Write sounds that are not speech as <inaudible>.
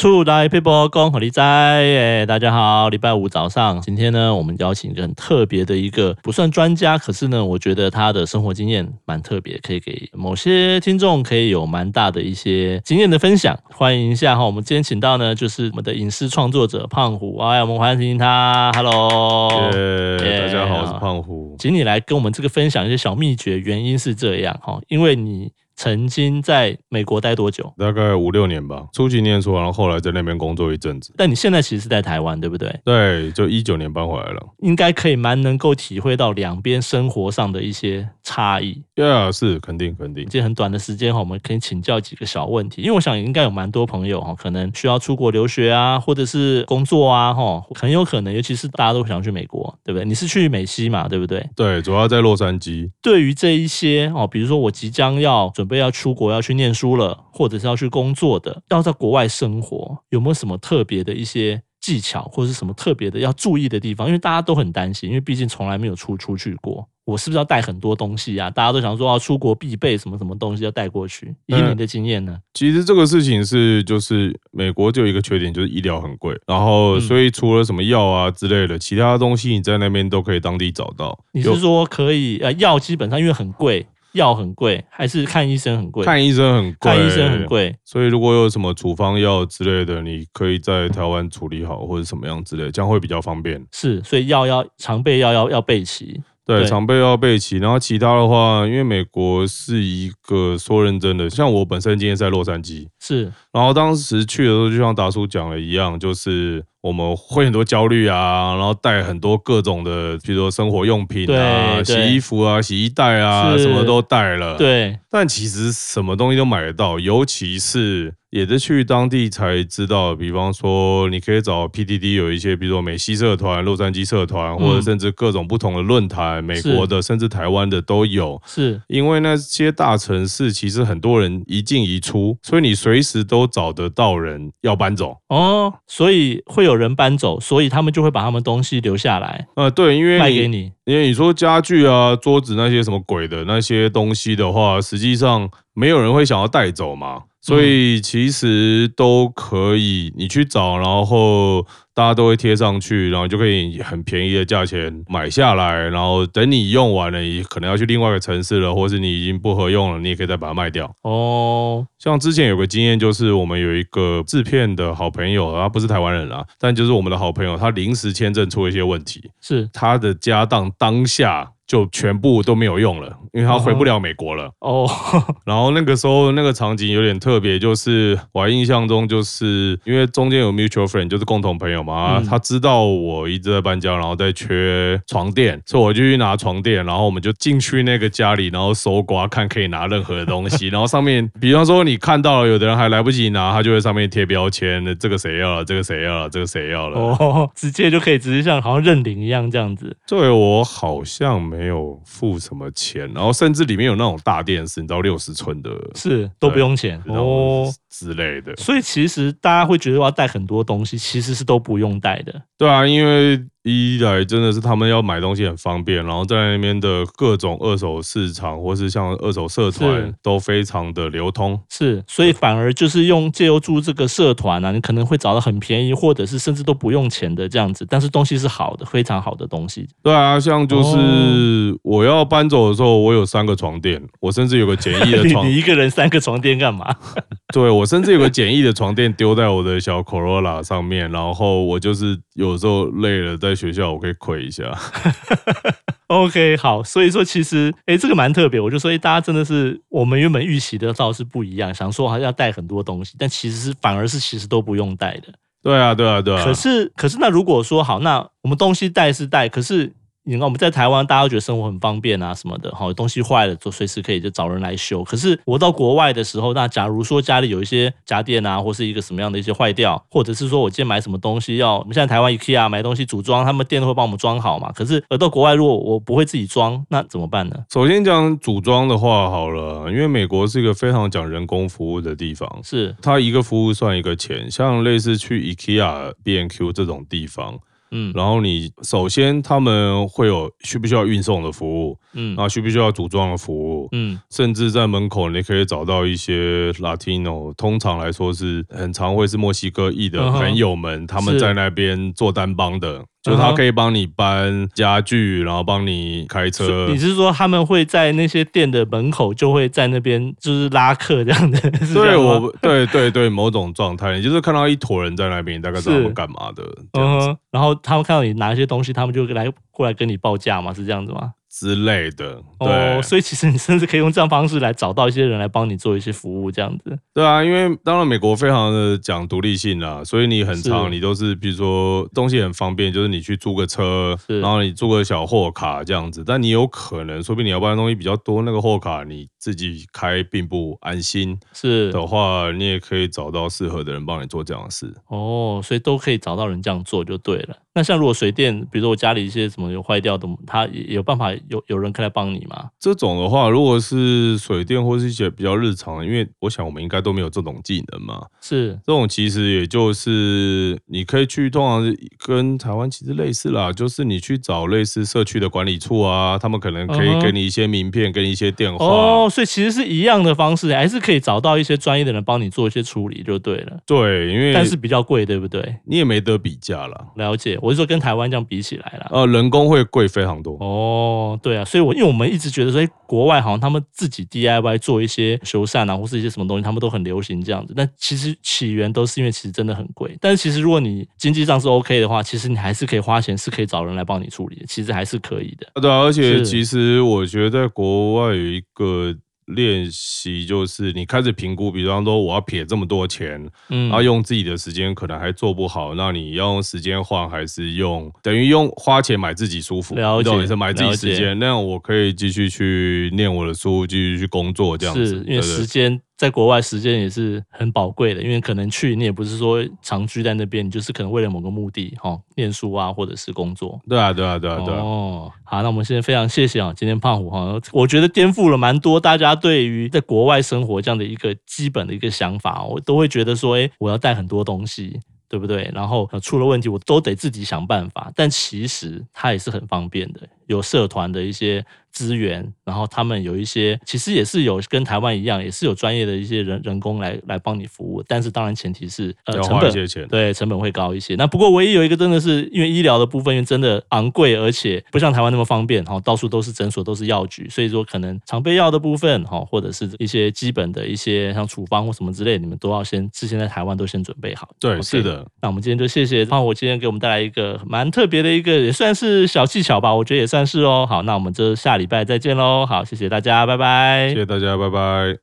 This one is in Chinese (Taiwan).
初配在，people, yeah, 大家好，禮拜五早上，今天呢，我們邀請一個很特別的一個，不算專家，可是呢，我覺得他的生活經驗蠻特別，可以給某些聽眾可以有蠻大的一些經驗的分享，歡迎一下哈。我們今天請到呢，就是我們的影視創作者胖虎，哎，我們歡迎他，Hello，yeah,、欸、大家好，我是胖虎，請你來跟我們這個分享一些小祕訣，原因是這樣哈，因為你。曾經在美國待多久？大概五六年吧，初幾念書，然後後來在那邊工作一陣子。但你現在其實是在台灣，對不對？對，就一九年搬回來了。應該可以蠻能夠體會到兩邊生活上的一些差異。對、yeah, 啊，是肯定肯定。這很短的時間哈，我們可以請教幾個小問題，因為我想應該有蠻多朋友哈，可能需要出國留學啊，或者是工作啊，哈，很有可能，尤其是大家都想去美國，對不對？你是去美西嘛，對不對？對，主要在洛杉磯。對於這一些哦，比如說我即將要準備。要出國要去念書了，或者是要去工作的，要在國外生活，有沒有什麼特別的一些技巧，或者是什麼特別的要注意的地方？因為大家都很擔心，因為畢竟從來沒有出出去過，我是不是要帶很多東西啊？大家都想說要、啊、出國必備什麼什麼東西要帶過去？以你的經驗呢、嗯？其實這個事情是，就是美國就有一個缺點，就是醫療很貴，然後所以除了什麼藥啊之類的，其他東西你在那邊都可以當地找到。你是說可以、啊？呃，藥基本上因為很貴。藥很貴，還是看醫生很貴？看醫生很貴，看醫生很貴。所以如果有什麼處方藥之類的，你可以在台灣處理好，或者什麼樣之類，這樣會比較方便。是，所以藥要常備要，藥要要備齊。對，對，常備要備齊，然後其他的話，因為美國是一個說認真的，像我本身今天在洛杉磯，是，然後當時去的時候，就像達叔講的一樣，就是我們會很多焦慮啊，然後帶很多各種的，比如說生活用品啊、洗衣服啊、洗衣袋啊，什麼都帶了，對，但其實什麼東西都買得到，尤其是。也是去當地才知道，比方說你可以找 PDD 有一些，比如說美西社團、洛杉磯社團，或者甚至各種不同的論壇、嗯，美國的甚至台灣的都有。是因為那些大城市其實很多人一進一出，所以你隨時都找得到人要搬走哦。所以會有人搬走，所以他們就會把他們東西留下來。呃，對，因為賣給你，因為你說家具啊、桌子那些什麼鬼的那些東西的話，實際上沒有人會想要帶走嘛。所以其實都可以，你去找，然後大家都會貼上去，然後就可以以很便宜的價錢買下來，然後等你用完了，你可能要去另外一個城市了，或是你已經不合用了，你也可以再把它賣掉。哦，像之前有個經驗，就是我們有一個製片的好朋友，他不是台灣人啦、啊，但就是我們的好朋友，他臨時簽證出了一些問題，是他的家當當下。就全部都沒有用了，因為他回不了美國了哦。然後那個時候那個場景有點特別，就是我印象中就是因為中間有 mutual friend，就是共同朋友嘛，他知道我一直在搬家，然後在缺床墊，所以我就去拿床墊，然後我們就進去那個家裡，然後搜刮看可以拿任何東西。然後上面，比方說你看到了，有的人還來不及拿，他就會上面貼標籤，這個誰要了，這個誰要了，這個誰要了。哦，直接就可以直接像好像認領一樣這樣子。作為我好像沒。沒有付什麼錢，然後甚至裡面有那種大電視，你知道六十寸的，是都不用錢哦之類的、哦。所以其實大家會覺得我要帶很多東西，其實是都不用帶的。對啊，因為。一來真的是他們要買東西很方便，然後在那邊的各種二手市場或是像二手社團都非常的流通，是，所以反而就是用借由住這個社團啊，你可能會找到很便宜，或者是甚至都不用錢的這樣子，但是東西是好的，非常好的東西。對啊，像就是我要搬走的時候，我有三個床墊，我甚至有個簡易的床， <laughs> 你一個人三個床墊幹嘛？ <laughs> <laughs> 對，我甚至有個簡易的床墊丟在我的小 Corolla 上面，然後我就是有時候累了，在學校我可以睏一下。 <laughs> OK，好，所以說其實，哎，這個蠻特別。我就說，哎，大家真的是我們原本預期的倒是不一樣，想說好像要帶很多東西，但其實是反而是其實都不用帶的。對啊，對啊，對啊。可是，可是那如果說好，那我們東西帶是帶，可是。你看我們在台灣，大家都覺得生活很方便啊，什麼的，好東西壞了就隨時可以就找人來修。可是我到國外的時候，那假如說家裡有一些家電啊，或是一個什麼樣的一些壞掉，或者是說我今天買什麼東西要，我們現在台灣 IKEA 買東西組裝，他們店都會幫我們裝好嘛？可是而到國外，如果我不會自己裝，那怎麼辦呢？首先講組裝的話，好了，因為美國是一個非常講人工服務的地方，是它一個服務算一個錢，像類似去 IKEA、B&Q 這種地方。嗯，然後你首先他們會有需不需要運送的服務，嗯，啊，需不需要組裝的服務，嗯，甚至在門口你可以找到一些 Latino，通常來說是很常會是墨西哥裔的朋友們，啊、他們在那邊做單幫的。就他可以幫你搬家具，然後幫你開車。Uh-huh。你是說他們會在那些店的門口，就會在那邊就是拉客這樣子？對，我對對對，某種狀態， <laughs> 你就是看到一坨人在那邊，你大概知道幹嘛的。嗯，然後他們看到你拿一些東西，他們就過來過來跟你報價嘛，是這樣子嗎？之類的，對，所以其實你甚至可以用這樣方式來找到一些人來幫你做一些服務，這樣子。對啊，因為當然美國非常的講獨立性啦、啊,所以你很常，你都是比如說東西很方便，就是你去租個車，然後你租個小貨卡這樣子。但你有可能，說不定你要搬的東西比較多，那個貨卡你自己開並不安心，是的話，你也可以找到適合的人幫你做這樣的事。哦，所以都可以找到人這樣做就對了。那像如果水電，比如說我家裡一些什麼有壞掉的，他有辦法有有人可以來幫你嗎？這種的話，如果是水電或是一些比較日常的，因為我想我們應該都沒有這種技能嘛。是這種其實也就是你可以去，通常跟台灣其實類似啦，就是你去找類似社區的管理處啊，他們可能可以給你一些名片，Uh-huh. 給你一些電話。哦，Oh，所以其實是一樣的方式，還是可以找到一些專業的人幫你做一些處理就對了。對，因為但是比較貴，對不對？你也沒得比價了。了解我。我就說跟台灣這樣比起來了，呃，人工會貴非常多。哦，對啊，所以我因為我們一直覺得說國外好像他們自己 DIY 做一些修繕啊，或是一些什麼東西，他們都很流行這樣子。但其實起源都是因為其實真的很貴。但是其實如果你經濟上是 OK 的話，其實你還是可以花錢，是可以找人來幫你處理的，其實還是可以的。對啊，而且其實我覺得在國外有一個。練習就是你開始評估，比方說我要撇這麼多錢，嗯，然後用自己的時間可能還做不好，嗯，那你要用時間換還是用等於用花錢買自己舒服？了解你，你是買自己時間，那樣我可以繼續去念我的書，繼續去工作，這樣子，嗯。因為時間。在國外時間也是很寶貴的，因為可能去你也不是說常居在那邊，你就是可能為了某個目的，哈，念書啊，或者是工作。對啊，對啊，對啊，對啊。哦，好，那我們現在非常謝謝啊、哦，今天胖虎哈、哦，我覺得顛覆了蠻多大家對於在國外生活這樣的一個基本的一個想法、哦，我都會覺得說，哎，我要帶很多東西，對不對？然後出了問題，我都得自己想辦法。但其實它也是很方便的。有社團的一些資源，然後他們有一些，其實也是有跟台灣一樣，也是有專業的一些人人工來來幫你服務。但是當然前提是呃成本對，成本會高一些。那不過唯一有一個真的是因為醫療的部分，因為真的昂貴，而且不像台灣那麼方便，哈，到處都是診所，都是藥局，所以說可能常備藥的部分，哈，或者是一些基本的一些像處方或什麼之類，你們都要先事先在台灣都先準備好。對，是的。那我們今天就謝謝，胖虎今天給我們帶來一個蠻特別的一個，也算是小技巧吧，我覺得也算。但是哦，好，那我們就下禮拜再見嘍。好，謝謝大家，拜拜。謝謝大家，拜拜。